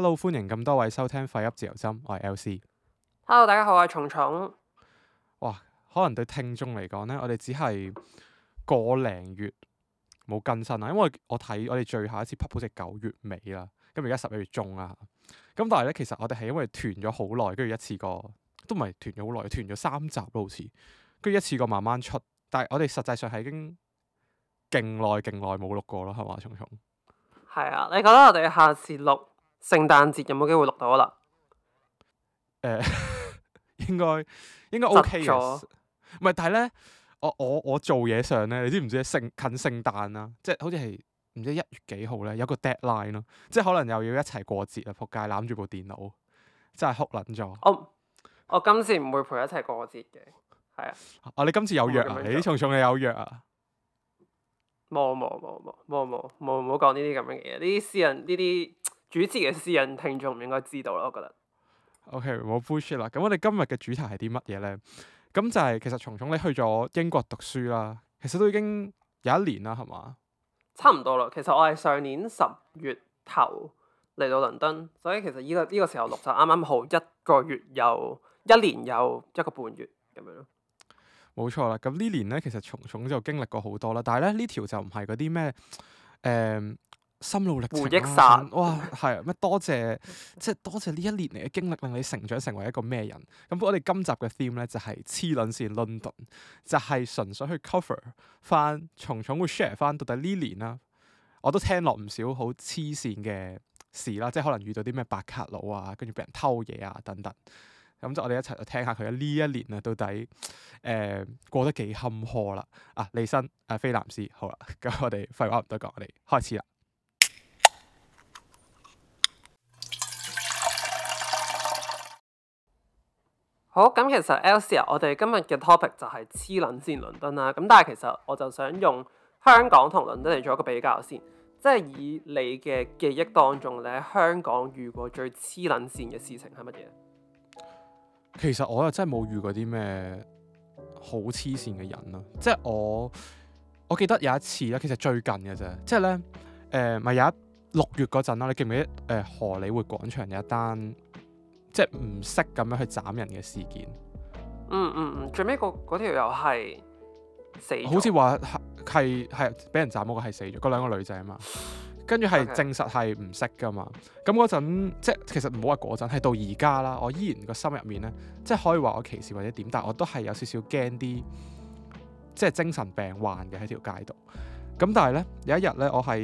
Hello，歡迎咁多位收聽《廢 up 自由針》我 LC，我係 L C。Hello，大家好，我係蟲蟲。哇，可能對聽眾嚟講咧，我哋只係個零月冇更新啦。因為我睇我哋最後一次 pop up 好似九月尾啦，咁而家十一月中啊。咁但係咧，其實我哋係因為團咗好耐，跟住一次過都唔係團咗好耐，團咗三集咯，好似跟住一次過慢慢出。但係我哋實際上係已經勁耐勁耐冇錄過咯，係嘛蟲蟲？係啊，你覺得我哋下次錄？聖誕節有冇機會錄到啦？誒，欸、應該應該 OK 啊、嗯。唔係，但係咧，我我我做嘢上咧，你知唔知聖近聖誕啦？即係好似係唔知一月幾號咧，有個 deadline 咯。即係可能又要一齊過節啦。仆街攬住部電腦，真係哭撚咗。我我今次唔會陪一齊過節嘅，係啊。哦，你今次有約啊？你啲蟲蟲嘅有約啊？冇冇冇冇冇冇冇冇冇講呢啲咁樣嘅嘢，呢啲私人呢啲。主持嘅私人聽眾唔應該知道咯。我覺得。O K，冇 full shit 啦、okay。咁我哋今日嘅主題係啲乜嘢咧？咁就係、是、其實蟲蟲你去咗英國讀書啦，其實都已經有一年啦，係嘛？差唔多啦。其實我係上年十月頭嚟到倫敦，所以其實依、這個依、這個時候錄就啱啱好一個月又一年又一個半月咁樣咯。冇錯啦。咁呢年咧，其實蟲蟲就經歷過好多啦。但係咧呢條就唔係嗰啲咩誒。呃心路歷程啦、啊，回憶哇，係咩、啊？多謝，即係多謝呢一年嚟嘅經歷，令你成長成為一個咩人？咁、嗯、我哋今集嘅 theme 咧就係黐卵線倫敦，就係純粹去 cover 翻蟲蟲會 share 翻到底呢年啦、啊，我都聽落唔少好黐線嘅事啦、啊，即係可能遇到啲咩白卡佬啊，跟住俾人偷嘢啊，等等。咁、嗯、就我哋一齊聽，聽一下佢呢一年啊，到底誒、呃、過得幾坎坷啦？啊，李生誒、啊，菲南斯，好啦，咁 我哋廢話唔多講，我哋開始啦。好咁，其實 Elsia，我哋今日嘅 topic 就係黐撚線倫敦啦。咁但係其實我就想用香港同倫敦嚟,做一個比較先，即係以你嘅記憶當中，你喺香港遇過最黐撚線嘅事情係乜嘢？其實我又真係冇遇過啲咩好黐線嘅人咯。即係我，我記得有一次啦，其實最近嘅啫。即係咧，誒、呃，咪有一六月嗰陣啦，你記唔記得？誒、呃，荷里活廣場有一單。即係唔識咁樣去斬人嘅事件。嗯嗯嗯，最尾嗰條又係死，好似話，係係俾人斬嗰個係死咗，嗰兩個女仔啊嘛。跟住係證實係唔識㗎嘛。咁嗰陣即係其實唔好話嗰陣，係到而家啦。我依然個心入面咧，即係可以話我歧視或者點，但係我都係有少少驚啲，即係精神病患嘅喺條街度。咁但係咧，有一日咧，我喺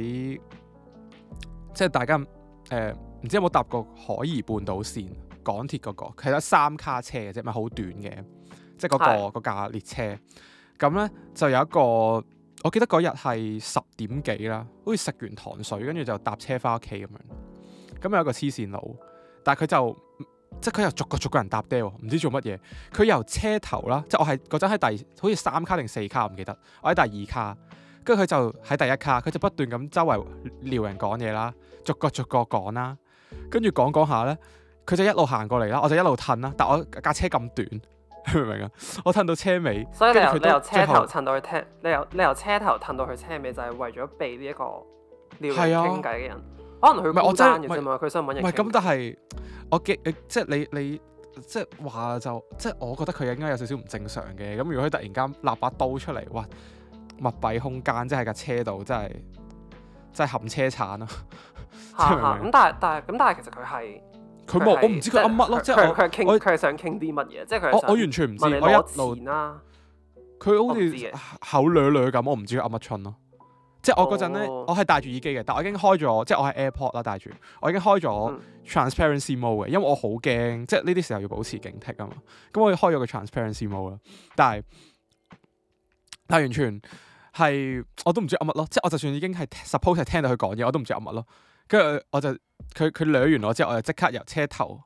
即係大家誒，唔、呃、知有冇搭過海怡半島線？港鐵嗰、那個其實三卡車嘅啫，咪好短嘅，即係、那、嗰個的架列車咁呢，就有一個我記得嗰日係十點幾啦，好似食完糖水，跟住就搭車翻屋企咁樣。咁有一個黐線佬，但係佢就即係佢又逐個逐個人搭嗲，唔知做乜嘢。佢由車頭啦，即係我係嗰陣喺第好似三卡定四卡，唔記得，我喺第二卡，跟住佢就喺第一卡，佢就不斷咁周圍撩人講嘢啦，逐個逐個講啦，跟住講講下呢。佢就一路行過嚟啦，我就一路褪啦。但我架車咁短，你明唔明啊？我褪到車尾，所以你由車頭褪到去車，你由着你由車頭褪到去後車，車尾就係為咗避呢一個撩人傾偈嘅人，是啊、可能佢唔係我真唔係佢想問人。唔係咁，但係我嘅即係你你即係話就即係，我覺得佢應該有少少唔正常嘅。咁如果佢突然間立把刀出嚟，哇！密閉空間即係架車度，真係真係含車鏟啦。咁，但係但係咁，但係其實佢係。佢冇，是我唔知佢噏乜咯，即係它我佢係佢係想傾啲乜嘢，即係佢。我完全唔知，啊、我一路。錢啦，佢好似口唥唥咁，我唔知佢噏乜春咯。即、就、係、是、我嗰陣咧，哦、我係戴住耳機嘅，但我已經開咗，即、就、係、是、我喺 AirPod 啦戴住，我已經開咗 Transparency Mode 嘅，因為我好驚，即係呢啲時候要保持警惕啊嘛。咁我已經開咗個 Transparency Mode 啦，但係但係完全係我都唔知噏乜咯，即、就、係、是、我就算已經係 Suppose 聽到佢講嘢，我都唔知噏乜咯。跟住我就佢佢掠完我之後，我就即刻由車頭，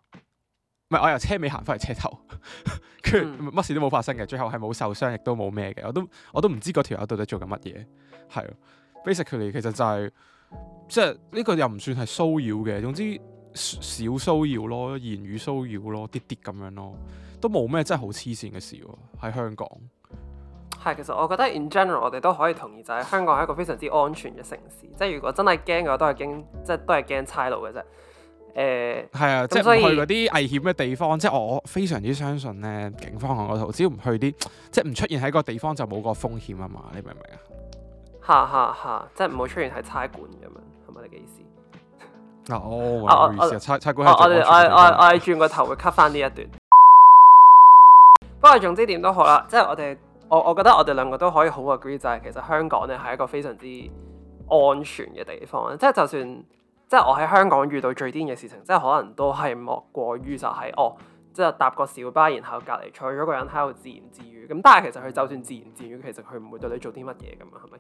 唔係我由車尾行翻嚟車頭，跟住 乜事都冇發生嘅，最後係冇受傷，亦都冇咩嘅。我都我都唔知嗰條友到底做緊乜嘢。係 basically 其實就係即係呢個又唔算係騷擾嘅，總之少騷擾咯，言語騷擾咯，啲啲咁樣咯，都冇咩真係好黐線嘅事喎、啊。喺香港。係，其實我覺得 in general 我哋都可以同意，就係香港係一個非常之安全嘅城市。即係如果真係驚嘅話，都係驚，即係都係驚差路嘅啫。誒，係啊，即係去嗰啲危險嘅地方。即係我非常之相信咧，警方喺嗰度，只要唔去啲，即係唔出現喺個地方就冇個風險啊嘛。你明唔明啊？吓吓吓，即係唔好出現喺差館咁樣，係咪你嘅意思？啊，我唔係意思差差館我哋我我我哋轉個頭會 cut 翻呢一段。不過總之點都好啦，即係我哋。我我覺得我哋兩個都可以好 agree 就係、是、其實香港咧係一個非常之安全嘅地方，即係就算即係我喺香港遇到最癲嘅事情，即係可能都係莫過於就係、是、哦，即係搭個小巴，然後隔離坐咗個人喺度自言自語。咁但係其實佢就算自言自語，其實佢唔會對你做啲乜嘢咁啊，係咪？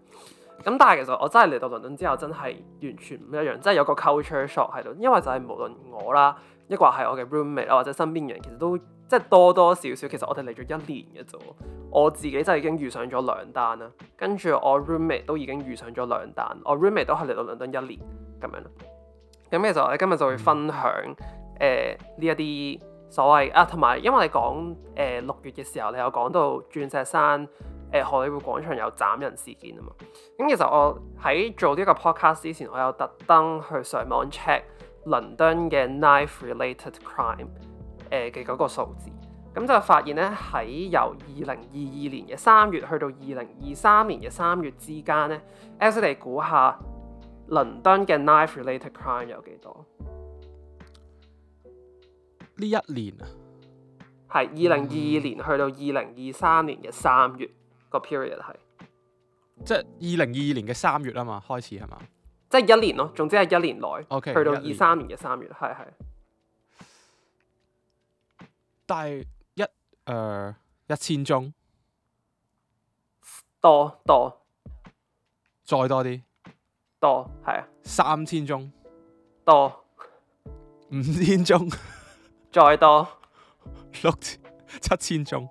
咁但係其實我真係嚟到倫敦之後，真係完全唔一樣，即係有個 culture shock 喺度。因為就係無論我啦，一個係我嘅 roommate 或者身邊人，其實都。即係多多少少，其實我哋嚟咗一年嘅啫，我自己就已經遇上咗兩單啦，跟住我 roommate 都已經遇上咗兩單，我 roommate 都係嚟到倫敦一年咁樣啦。咁其實我哋今日就會分享誒呢、呃、一啲所謂啊，同埋因為你講誒六月嘅時候，你有講到鑽石山誒荷、呃、里活廣場有斬人事件啊嘛。咁、嗯、其實我喺做呢個 podcast 之前，我有特登去上網 check 倫敦嘅 knife related crime。誒嘅嗰個數字，咁就發現呢，喺由二零二二年嘅三月去到二零二三年嘅三月之間呢 Alex 你估下倫敦嘅 knife-related crime 有幾多？呢一年啊，係二零二二年去到二零二三年嘅三月個 period 係，per 即係二零二二年嘅三月啊嘛，開始係嘛？即係一年咯，總之係一年內，OK，去到二三年嘅三月，係係年。但係一，誒、呃、一千宗多多，多再多啲多，係啊三千宗多，五千宗再多六七千宗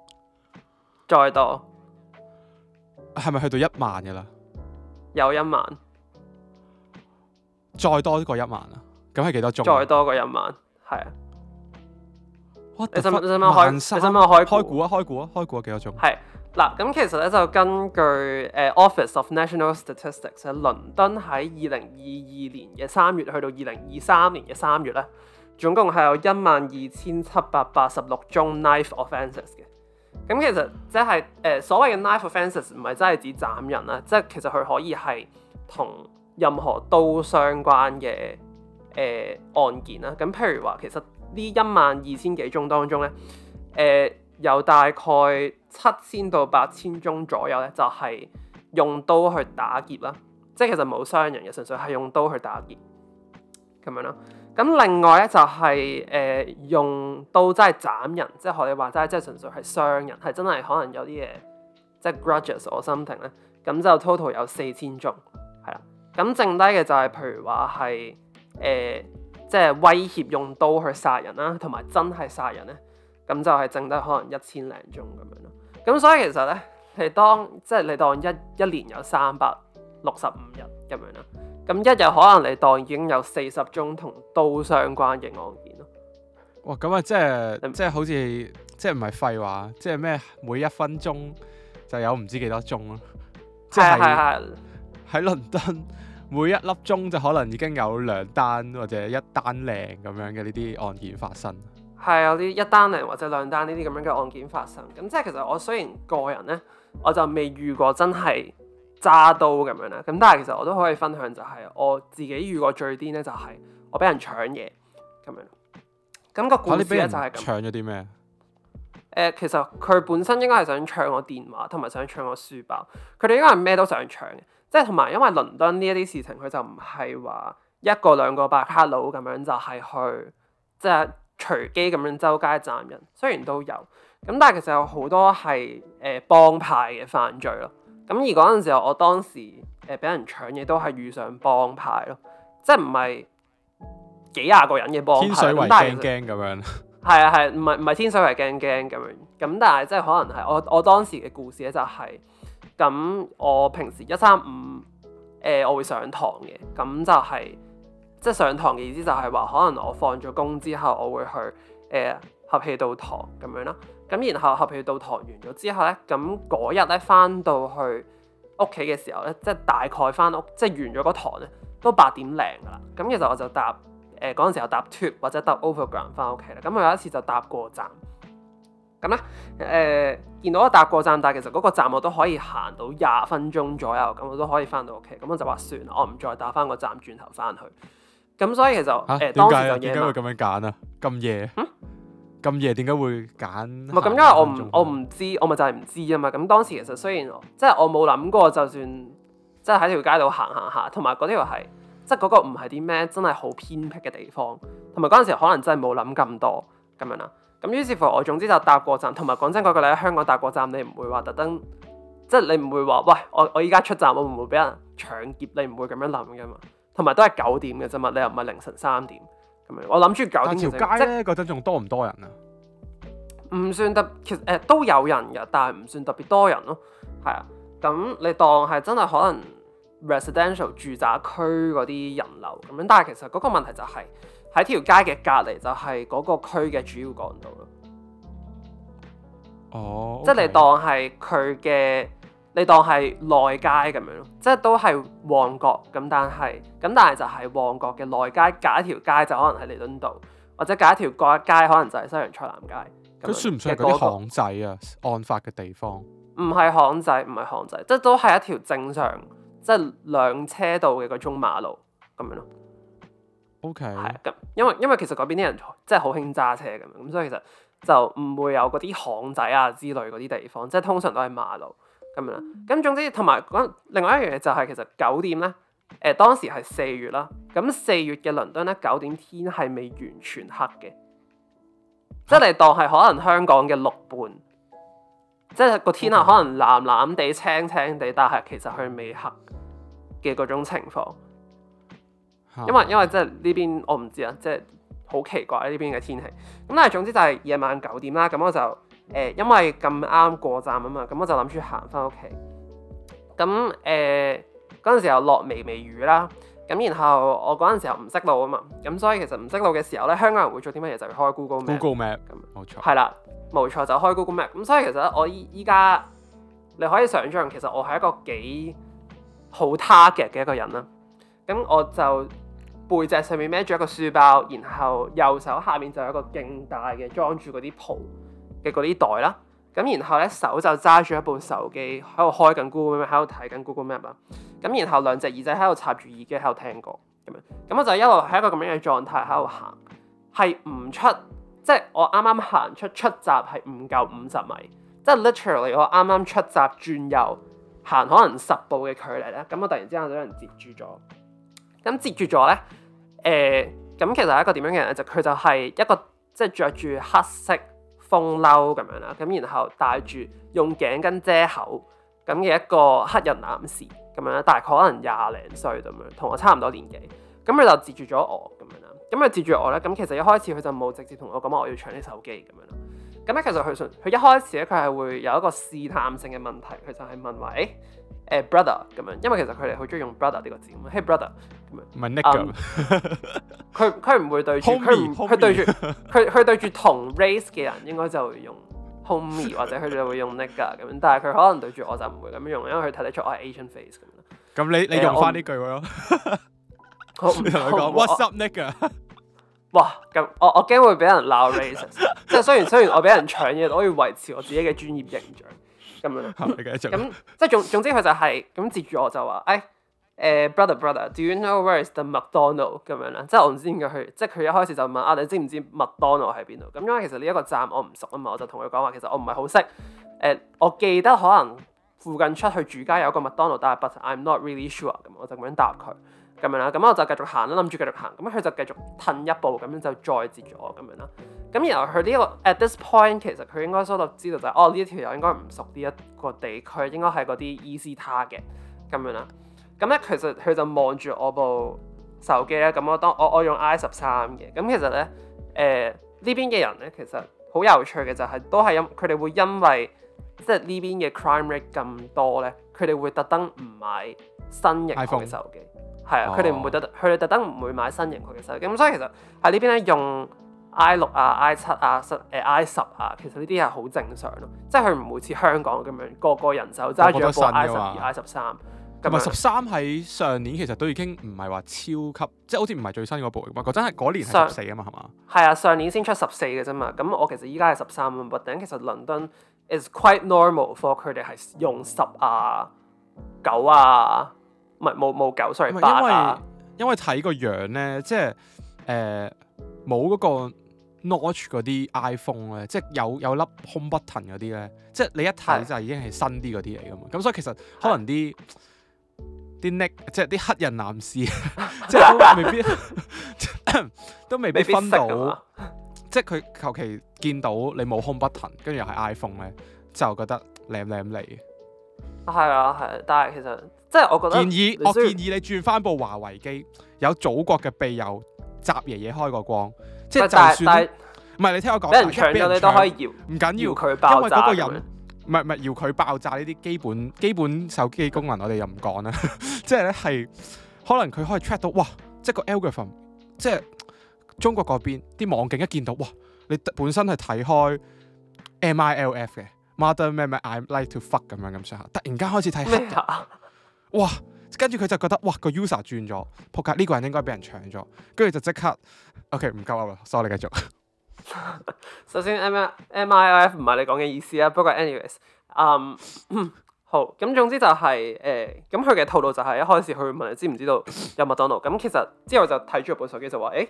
再多，係咪多去到一萬嘅啦？有一萬，再多過一萬啊！咁係幾多宗？再多過一萬，係啊。你想唔想開？三你想唔想開估、啊？開估啊！開估啊！開估啊！幾多宗？係嗱，咁其實咧就根據誒、呃、Office of National Statistics，喺倫敦喺二零二二年嘅三月去到二零二三年嘅三月咧，總共係有一萬二千七百八十六宗 knife offences 嘅。咁其實即係誒所謂嘅 knife offences 唔係真係指斬人啦，即係其實佢可以係同任何刀相關嘅誒案件啦。咁譬如話其實。就是呃呢一萬二千幾宗當中咧，誒、呃、有大概七千到八千宗左右咧，就係、是、用刀去打劫啦，即係其實冇傷人嘅，純粹係用刀去打劫咁樣啦。咁另外咧就係、是、誒、呃、用刀真係斬人，即係學你話齋，即係純粹係傷人，係真係可能有啲嘢即係 grudges or something 咧。咁就 total 有四千宗，係啦。咁剩低嘅就係、是、譬如話係誒。呃即係威脅用刀去殺人啦，同埋真係殺人咧，咁就係剩得可能一千零宗咁樣咯。咁所以其實咧，係當即係你當一一年有三百六十五日咁樣啦。咁一日可能你當已經有四十宗同刀相關嘅案件咯。哇！咁啊，即係，即係即係好似即係唔係廢話？即係咩？每一分鐘就有唔知幾多宗咯。即係係。喺倫敦。每一粒鐘就可能已經有兩單或者一單靚咁樣嘅呢啲案件發生，係有啲一單靚或者兩單呢啲咁樣嘅案件發生。咁即係其實我雖然個人呢，我就未遇過真係揸刀咁樣啦。咁但係其實我都可以分享、就係，就係我自己遇過最癲呢，就係我俾人搶嘢咁樣。咁、嗰個故事咧就係搶咗啲咩？誒，其實佢本身應該係想搶我電話，同埋想搶我書包。佢哋應該係咩都想搶嘅。即係同埋，因為倫敦呢一啲事情，佢就唔係話一個兩個白卡佬咁樣就，就係去即係隨機咁樣周街斬人。雖然都有咁，但係其實有好多係誒幫派嘅犯罪咯。咁而嗰陣時候，我當時誒俾人搶嘢都係遇上幫派咯，即係唔係幾廿個人嘅幫派，但係驚驚咁樣。係啊係，唔係唔係天水圍驚驚咁樣。咁但係即係可能係我我當時嘅故事咧、就係，就係。咁我平時一三五誒我會上堂嘅，咁就係、是、即係上堂嘅意思就係話，可能我放咗工之後，我會去誒、呃、合氣道堂咁樣啦。咁然後合氣道堂完咗之後呢，咁嗰日呢返到去屋企嘅時候呢，即係大概返屋即係完咗個堂呢，都八點零㗎啦。咁其實我就搭誒嗰陣時候搭 Tube 或者搭 Overground 返屋企啦。咁我有一次就搭過站。咁咧，誒見、呃、到我搭過站，但係其實嗰個站我都可以行到廿分鐘左右，咁我都可以翻到屋企，咁我就話算啦，我唔再打翻個站轉頭翻去。咁所以其實誒當時點解點解會咁樣揀啊？咁夜咁夜點解會揀？唔係咁，因為我唔我唔知，我咪就係唔知啊嘛。咁當時其實雖然即係我冇諗、就是、過，就算即係喺條街度行行下，同埋嗰條係即係嗰個唔係啲咩，真係好偏僻嘅地方，同埋嗰陣時可能真係冇諗咁多咁樣啦。咁於是乎，我總之就搭過站，同埋講真嗰句你喺香港搭過站，你唔會話特登，即係你唔會話，喂，我我依家出站，我唔會俾人搶劫，你唔會咁樣諗噶嘛。同埋都係九點嘅啫嘛，你又唔係凌晨三點咁樣。我諗住九點、就係。但條街咧嗰陣仲多唔多人啊？唔算特，其實誒、呃、都有人嘅，但係唔算特別多人咯。係啊，咁你當係真係可能 residential 住宅區嗰啲人流咁樣，但係其實嗰個問題就係、係。喺條街嘅隔離就係嗰個區嘅主要幹道咯。哦，oh, okay. 即係你當係佢嘅，你當係內街咁樣咯。即係都係旺角咁，但係咁，但係就係旺角嘅內街。隔一條街就可能係彌敦道，或者隔一條過一街可能就係西洋菜南街、那個。咁算唔算嗰啲巷仔啊？案發嘅地方唔係巷仔，唔係巷仔，即係都係一條正常即係、就是、兩車道嘅中馬路咁樣咯。O K. 係咁，因為因為其實嗰邊啲人即係好興揸車咁，咁所以其實就唔會有嗰啲巷仔啊之類嗰啲地方，即係通常都係馬路咁樣啦。咁總之，同埋另外一樣嘢就係其實九點咧，誒、呃、當時係四月啦，咁四月嘅倫敦咧，九點天係未完全黑嘅，Okay. 即係你當係可能香港嘅六半，即係個天係可能藍藍地、青青地，但係其實佢未黑嘅嗰種情況。因為因為即係呢邊我唔知啊，即係好奇怪呢邊嘅天氣。咁但係總之就係夜晚九點啦，咁我就誒、呃、因為咁啱過站啊嘛，咁我就諗住行翻屋企。咁誒嗰陣時候落微微雨啦，咁然後我嗰陣時候唔識路啊嘛，咁所以其實唔識路嘅時候咧，香港人會做啲乜嘢就係、係、開 Google Map, Google Google Map 咁，冇錯錯，係啦，冇錯就開 Google Map。咁所以其實我依依家你可以想象，其實我係一個幾好 target 嘅一個人啦。咁我就。背脊上面孭住一個書包，然後右手下面就有一個勁大嘅裝住嗰啲蒲嘅嗰啲袋啦。咁然後咧手就揸住一部手機喺度開緊 Google Map，喺度睇緊 Google Map 啦。咁然後兩隻耳仔喺度插住耳機喺度聽歌咁樣。咁我就一路喺一個咁樣嘅狀態喺度行，係唔出，即係我啱啱行出出閘係唔夠五十米，即係 literally 我啱啱出閘轉右行可能十步嘅距離咧。咁我突然之間有人截住咗，咁截住咗咧。誒咁、呃、其實係一個點樣嘅人咧？就佢、是、就係一個即係着住黑色風褸咁樣啦，咁然後戴住用頸巾遮口咁嘅一個黑人男士咁樣，大概可能廿零歲咁樣，同我差唔多年紀。咁佢就截住咗我咁樣啦。咁佢截住我咧，咁其實一開始佢就冇直接同我講話我要搶你手機咁樣啦。咁咧其實佢佢一開始咧，佢係會有一個試探性嘅問題，佢就係問「喂！」誒 brother 咁樣，因為其實佢哋好中意用 brother 呢個字咁啊，嘿 brother 咁樣，唔係 nick 咁。佢佢唔會對住，佢唔佢對住，佢佢對住同 race 嘅人，應該就會用 homie 或者佢哋會用 nick 啊咁樣。但係佢可能對住我就唔會咁樣用，因為佢睇得出我係 Asian face 咁樣。咁你你用翻呢句喎。好，我同佢講 What's up nick 啊！哇，咁我我驚會俾人鬧 race。即係雖然雖然我俾人搶嘢，我可以維持我自己嘅專業形象。咁 樣，咁即係總總之佢就係咁截住我就話，誒、哎、欸，brother brother，do you know where is the McDonald？咁樣啦，即係我唔知點解佢，即係佢一開始就問啊，你知唔知 McDonald 喺邊度？咁因為其實呢一個站我唔熟啊嘛，我就同佢講話，其實我唔係好識，誒、欸，我記得可能附近出去住街有一個麥當勞，但係 but I'm not really sure，咁我就咁樣答佢。咁樣啦，咁我就繼續行啦，諗住繼續行，咁佢就繼續褪一步，咁樣就再截咗咁樣啦。咁然後佢呢、這個 at this point 其實佢應該收到知道就係、是、哦呢條友應該唔熟呢一個地區，應該係嗰啲 easy target 嘅咁樣啦。咁咧其實佢就望住我部手機咧，咁我當我我用 I 十三嘅，咁其實咧誒呢邊嘅、呃、人咧其實好有趣嘅就係、是、都係因佢哋會因為即係呢邊嘅 crime rate 咁多咧，佢哋會特登唔買新型 iPhone 新手機。係啊，佢哋唔會特，佢哋特登唔會買新型號嘅手機。咁所以其實喺呢邊咧，用 I 六啊、I 七啊、十誒 I 十啊，其實呢啲係好正常咯。即係佢唔會似香港咁樣個個人手揸住一部 I 十二、I 十三。咁啊，十三喺上年其實都已經唔係話超級，即係好似唔係最新嗰部嚟嘅嘛。嗰陣係嗰年係十四啊嘛，係嘛？係啊，上年先出十四嘅啫嘛。咁我其實依家係十三啊，但係其實倫敦 is quite normal for 佢哋係用十啊、九啊。唔係冇冇九水，9, sorry，因為、八啊、因為睇、即係呃、個樣咧，即係誒冇嗰個 notch 嗰啲 iPhone 咧，即係有有粒 home button 嗰啲咧，即、就、係、係、你一睇就已經係新啲嗰啲嚟㗎嘛。咁的所以其實可能啲啲 nick 即係啲黑人男士，即係都未必都未必分到， 即係佢求其見到你冇 home button，跟住又係 iPhone 咧，就覺得靚靚嚟嘅。係啊，係，但係其實。即係我覺得建議我建議你轉翻部華為機，有祖國嘅庇佑，習爺爺開個光，即係就算唔係你聽我講，俾人搶咗你都可以搖，唔緊要佢爆炸。嗰個人唔係唔係搖佢爆炸呢啲基本基本手機功能我哋又唔講啦，即係咧係可能佢可以 check 到哇，即係個 algorithm，即係中國嗰邊啲網警一見到哇，你本身係睇開 MILF 嘅，mother 咩咩，I like to fuck 咁樣咁上下，突然間開始睇哇！跟住佢就覺得哇，個 user 轉咗，仆街呢個人應該俾人搶咗，跟住就即刻，OK 唔夠啦，sorry 繼續。 首先 M, M, M I M I I F 唔係你講嘅意思啊，不過 anyways，um, 好，咁總之就係誒，咁佢嘅套路就係一開始佢問你知唔知道有麥當勞，咁其實之後就睇住部手機就話誒、hey,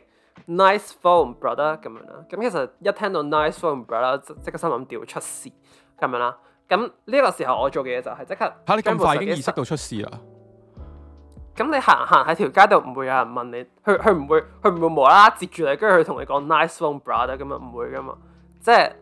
nice phone brother 咁樣啦，咁其實一聽到 nice phone brother 即刻心諗屌，出事咁樣啦。咁呢個時候，我做嘅嘢就係即刻嚇。你咁快已經意識到出事啦。咁你行行喺條街度，唔會有人問你，佢佢唔會佢唔會無啦啦接住你，跟住佢同你講 nice phone brother 咁樣，唔會噶嘛。即係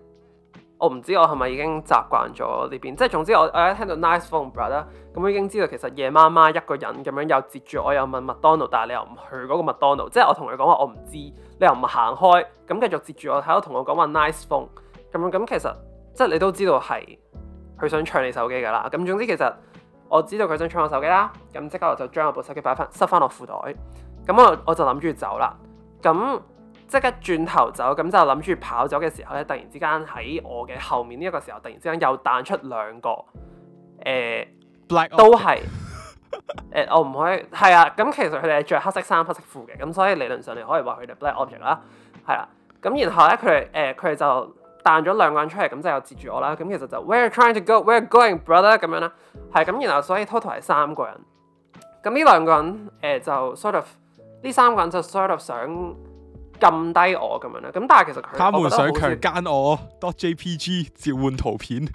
我唔知我係咪已經習慣咗呢邊。即係總之我我一聽到 nice phone brother 咁，我已經知道其實夜媽媽一個人咁樣又接住我，又問麥當勞，但係你又唔去嗰個麥當勞，即係我同佢講話，我唔知你又唔行開咁，繼續接住我，喺度同我講話 nice phone 咁樣咁，其實即係你都知道係。佢想搶你手機㗎啦，咁總之其實我知道佢想搶我手機啦，咁即刻我就將我部手機擺翻，塞翻落褲袋，咁我我就諗住走啦，咁即刻轉頭走，咁就諗住跑走嘅時候咧，突然之間喺我嘅後面呢一個時候，突然之間又彈出兩個，誒、呃，Black object. 都係，誒、呃，我唔可以，係啊，咁其實佢哋係着黑色衫、黑色褲嘅，咁所以理論上你可以話佢哋 Black Object 啦，係啦、啊，咁然後咧佢哋，誒，佢、呃、哋就。彈咗兩個人出嚟，咁就係又截住我啦。咁、嗯、其實就 Where are trying to go? Where are going, brother？咁樣啦，係咁。然後所以 total 係三個人。咁呢兩個人，誒、呃、就 sort of 呢三個人就 sort of 想撳低我咁樣啦。咁但係其實佢，佢哋想強奸我。dot jpg 召喚圖片。咁、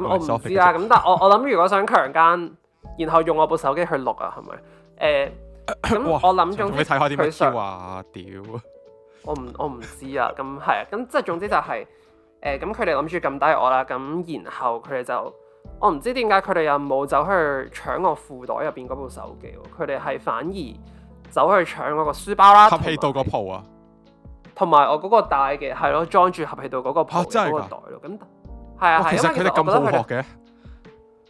嗯、我唔知啦。咁但係我我諗，如果想強奸，然後用我部手機去錄啊，係咪？ 誒，咁、嗯嗯嗯、哇我諗總之會睇開啲咩超啊？屌，我唔我唔知啊。咁係啊。咁即係總之就係。誒，咁佢哋諗住撳低我啦，咁然後佢哋就我唔知點解佢哋又冇走去搶我褲袋入邊嗰部手機，佢哋係反而走去搶我個書包啦，合氣道個鋪啊,啊，同埋我嗰個帶嘅係咯裝住合氣道嗰個鋪嗰個袋咯，咁係啊，其實佢哋咁暴虐嘅，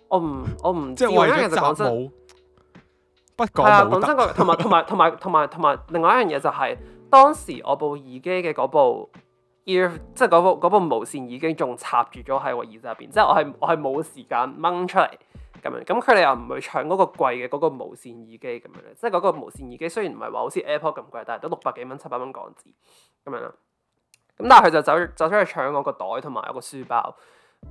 我唔 我唔即係為咗習武，不過真，得，同埋同埋同埋同埋同埋另外一樣嘢就係、是、當時我部耳機嘅嗰部。E、F，即係嗰部部無線耳機仲插住咗喺我耳仔入邊，即係我係我係冇時間掹出嚟咁樣。咁佢哋又唔去搶嗰個貴嘅嗰個無線耳機咁樣咧，即係嗰個無線耳機雖然唔係話好似 Apple 咁貴，但係都六百幾蚊、七百蚊港紙咁樣啦。咁但係佢就走走出去搶嗰個袋同埋個書包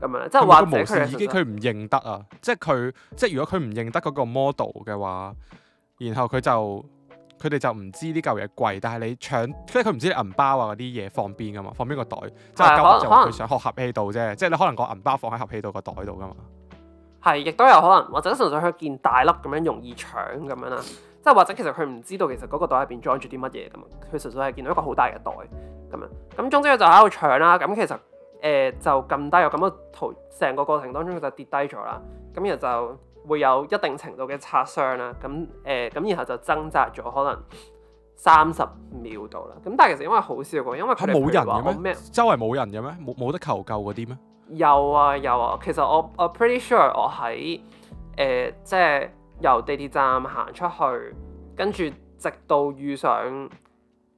咁樣，即係或者佢無線耳機佢唔認得啊，即係佢即係如果佢唔認得嗰個 model 嘅話，然後佢就。佢哋就唔知呢嚿嘢貴，但係你搶，即係佢唔知銀包啊嗰啲嘢放邊噶嘛？放邊個袋？即係根本就佢想喺合氣度啫。即係你可能個銀包放喺合氣度個袋度噶嘛。係，亦都有可能，或者純粹佢見大粒咁樣容易搶咁樣啦。即係 或者其實佢唔知道其實嗰個袋入邊裝住啲乜嘢咁啊。佢純粹係見到一個好大嘅袋咁樣。咁總之佢就喺度搶啦。咁其實誒、呃、就近低有咁多圖，成個過程當中佢就跌低咗啦。咁然後就。會有一定程度嘅擦傷啦，咁誒，咁、呃、然後就掙扎咗可能三十秒到啦，咁但係其實因為好笑嘅，因為佢冇、啊、人嘅咩？周圍冇人嘅咩？冇冇得求救嗰啲咩？有啊有啊，其實我我 pretty sure 我喺誒、呃，即係由地鐵站行出去，跟住直到遇上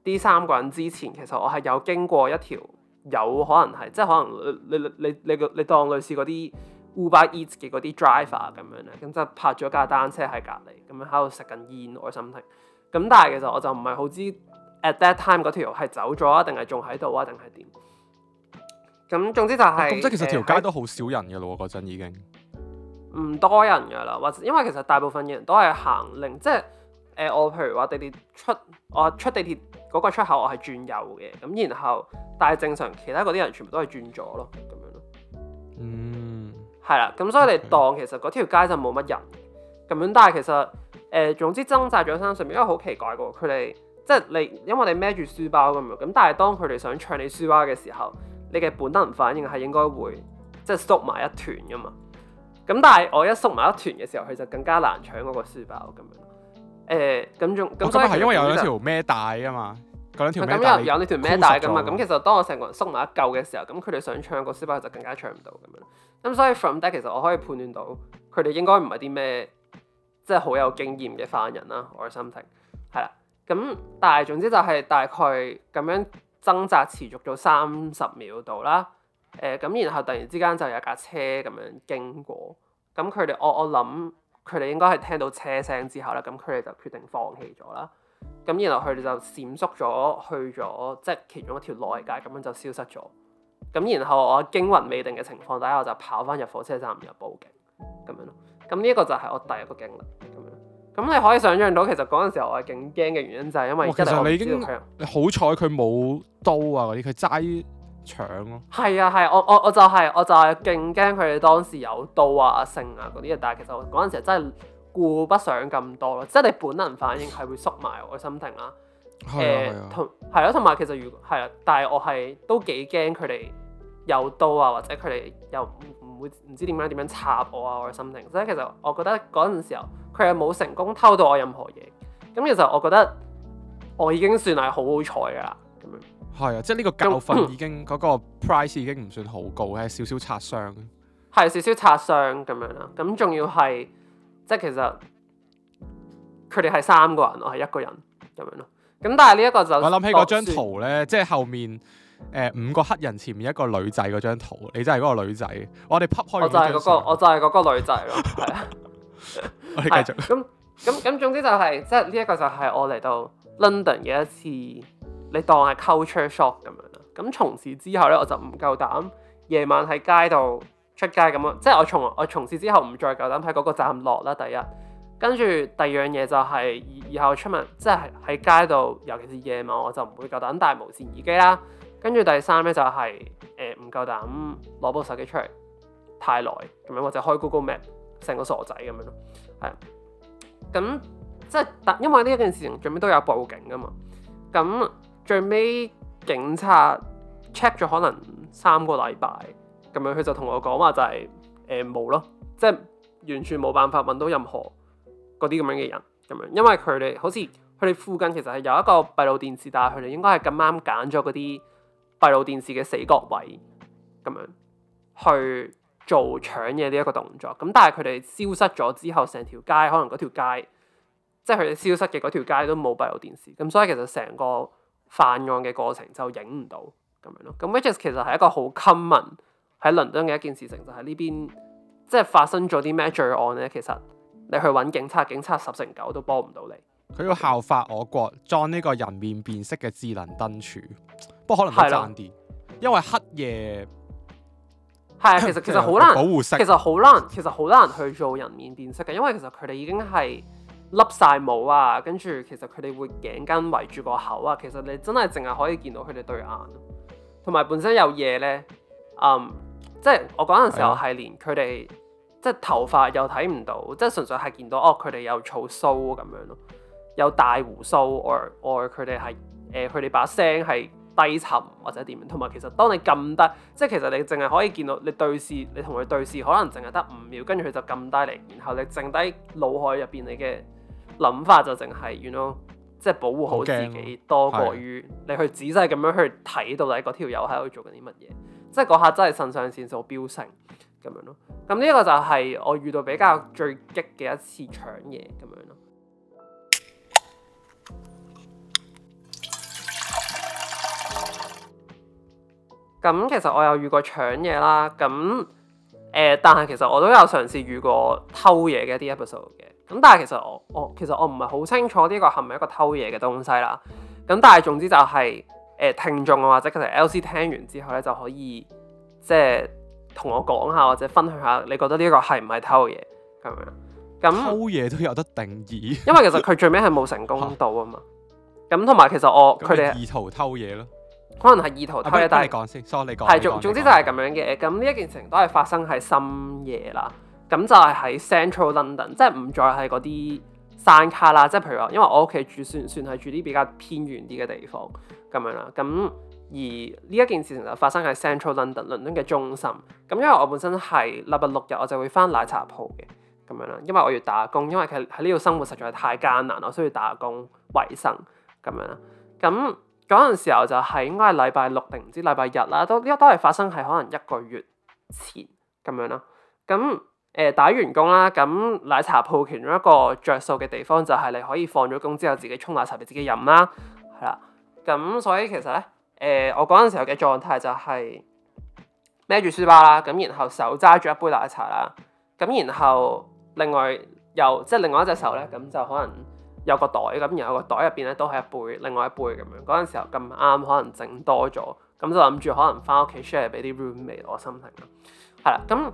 呢三個人之前，其實我係有經過一條，有可能係即係可能你你你你你，你當類似嗰啲。Uber eats 嘅嗰啲 driver 咁樣咧，咁就泊咗架單車喺隔離，咁樣喺度食緊煙，我心情。咁但係其實我就唔係好知 at that time 嗰條係走咗啊，定係仲喺度啊，定係點？咁總之就係、是、咁，即係其實條街、呃、都好少人嘅咯，嗰陣已經唔多人㗎啦。或者因為其實大部分嘅人都係行令。即係誒、呃、我譬如話地鐵出，我出地鐵嗰個出口我係轉右嘅，咁然後但係正常其他嗰啲人全部都係轉左咯，咁樣咯，嗯。係啦，咁所以你當其實嗰條街就冇乜人咁樣，但係其實誒、呃、總之掙扎咗身上面，因為好奇怪嘅，佢哋即係你因為你孭住書包咁樣，咁但係當佢哋想搶你書包嘅時候，你嘅本能反應係應該會即係縮埋一團嘅嘛。咁但係我一縮埋一團嘅時候，佢就更加難搶嗰個書包咁樣。誒、呃，咁仲咁所以其實我覺得係因為有嗰條孭帶啊嘛。咁又有呢條咩帶噶嘛？咁其實當我成個人縮埋一嚿嘅時候，咁佢哋想唱個詩巴就更加唱唔到咁樣。咁、嗯、所以 from that 其實我可以判斷到佢哋應該唔係啲咩，即係好有經驗嘅犯人啦。我嘅心情係啦。咁、嗯、但係總之就係大概咁樣掙扎持續咗三十秒度啦。誒、呃、咁，然後突然之間就有架車咁樣經過。咁佢哋我我諗佢哋應該係聽到車聲之後啦，咁佢哋就決定放棄咗啦。咁然後佢哋就閃縮咗去咗，即係其中一條內街，咁樣就消失咗。咁然後我驚魂未定嘅情況底下，我就跑翻入火車站入報警，咁樣咯。咁呢一個就係我第一個經歷。咁樣，咁你可以想象到，其實嗰陣時候我係勁驚嘅原因就係、是、因為、哦、其實你已經，好彩佢冇刀啊嗰啲，佢齋搶咯。係啊，係、啊啊、我我我就係、是、我就係勁驚佢哋當時有刀啊、剩啊嗰啲、啊，但係其實我嗰陣時真係。互不想咁多咯，即係你本能反應係會縮埋我嘅心庭啦。誒、啊，同係咯，同埋、啊啊、其實如係啦、啊，但係我係都幾驚佢哋有刀啊，或者佢哋又唔唔會唔知點樣點樣插我啊，我嘅心庭。所以其實我覺得嗰陣時候佢係冇成功偷到我任何嘢。咁其實我覺得我已經算係好好彩噶啦。咁樣係啊，即係呢個教訓已經嗰 個 price 已經唔算好高，係少少擦傷。係少少擦傷咁樣啦，咁仲要係。即係其實佢哋係三個人，我係一個人咁樣咯。咁但係呢一個就我諗起嗰張圖咧，即係後面誒、呃、五個黑人前面一個女仔嗰張圖，你真係嗰個女仔。我哋 pop 開，我就係嗰、嗰個，我就係嗰個女仔咯，係啊。我哋繼續。咁咁咁總之就係、是，即係呢一個就係我嚟到 London 嘅一次，你當係 culture shock 咁樣啦。咁從此之後咧，我就唔夠膽夜晚喺街度，出街咁咯，即係我從我從此之後唔再夠膽喺嗰個站落啦。第一，跟住第二樣嘢就係以，以後出門，即係喺街度，尤其是夜晚，我就唔會夠膽戴無線耳機啦。跟住第三咧就係誒唔夠膽攞部手機出嚟太耐咁樣，或者開 Google Map 成個傻仔咁樣咯。係，咁即係但因為呢一件事情，最尾都有報警噶嘛，咁最尾警察 check 咗可能三個禮拜。咁樣，佢就同我講話就係誒冇咯，即係完全冇辦法揾到任何嗰啲咁樣嘅人咁樣，因為佢哋好似佢哋附近其實係有一個閉路電視，但係佢哋應該係咁啱揀咗嗰啲閉路電視嘅死角位咁樣去做搶嘢呢一個動作。咁但係佢哋消失咗之後，成條街可能嗰條街即係佢哋消失嘅嗰條街都冇閉路電視，咁所以其實成個犯案嘅過程就影唔到咁樣咯。咁 which is 其實係一個好 common。喺倫敦嘅一件事情就係呢邊，即係發生咗啲咩罪案呢？其實你去揾警察，警察十成九都幫唔到你。佢要效法我國裝呢個人面辨識嘅智能燈柱，不過可能會爭啲，的因為黑夜係啊， 其實其實好難 保護色色，其實好難，其實好難去做人面辨識嘅，因為其實佢哋已經係笠晒帽啊，跟住其實佢哋會頸巾圍住個口啊，其實你真係淨係可以見到佢哋對眼，同埋本身有夜咧，嗯。即係我嗰陣時候係連佢哋的即係頭髮又睇唔到，即係純粹係見到哦，佢哋有草須咁樣咯，有大鬍鬚，or or 佢哋係誒佢哋把聲係低沉或者點樣，同埋其實當你撳低，即係其實你淨係可以見到你對視，你同佢對視，可能淨係得五秒，跟住佢就撳低嚟，然後你剩低腦海入邊你嘅諗法就淨係，原來即係保護好自己多過於的你去仔細咁樣去睇到底嗰條友喺度做緊啲乜嘢。即係嗰下真係腎上腺素飆升咁樣咯，咁呢一個就係我遇到比較最激嘅一次搶嘢咁樣咯。咁其實我有遇過搶嘢啦，咁誒，但係其實我都有嘗試遇過偷嘢嘅一啲 episode 嘅，咁但係其實我我其實我唔係好清楚呢個係咪一個偷嘢嘅東西啦，咁、呃、但係總之就係、是。誒、呃、聽眾啊，或者其實 LC 聽完之後咧，就可以即係同我講下，或者分享下，你覺得呢一個係唔係偷嘢咁樣？咁偷嘢都有得定義。 因為其實佢最尾係冇成功到啊嘛。咁同埋其實我佢哋係意圖偷嘢咯。可能係意圖偷嘢，但係、啊、你講先，是所以我你講。係是說總之就係咁樣嘅。咁呢說一件事情都係發生喺深夜啦。咁就係喺 Central London，即係唔再係嗰啲。山卡啦，即係譬如話，因為我屋企住算算係住啲比較偏遠啲嘅地方咁樣啦。咁而呢一件事情就發生喺 Central London，倫敦嘅中心。咁因為我本身係禮拜六日我就會返奶茶鋪嘅咁樣啦，因為我要打工，因為喺喺呢度生活實在係太艱難，我需要打工維生咁樣啦。咁嗰陣時候就係應該係禮拜六定唔知禮拜日啦，都都都係發生喺可能一個月前咁樣啦。咁誒、呃、打完工啦，咁、嗯、奶茶鋪其中一個着數嘅地方就係、是、你可以放咗工之後自己沖奶茶俾自己飲啦，係啦。咁、嗯、所以其實咧，誒、呃、我嗰陣時候嘅狀態就係孭住書包啦，咁、嗯、然後手揸住一杯奶茶啦，咁、嗯、然後另外又即係另外一隻手咧，咁、嗯、就可能有個袋，咁、嗯、然後個袋入邊咧都係一杯另外一杯咁樣。嗰陣時候咁啱可能整多咗，咁、嗯、就諗住可能翻屋企 share 俾啲 roommate 我心情啦，係、嗯、啦，咁、嗯。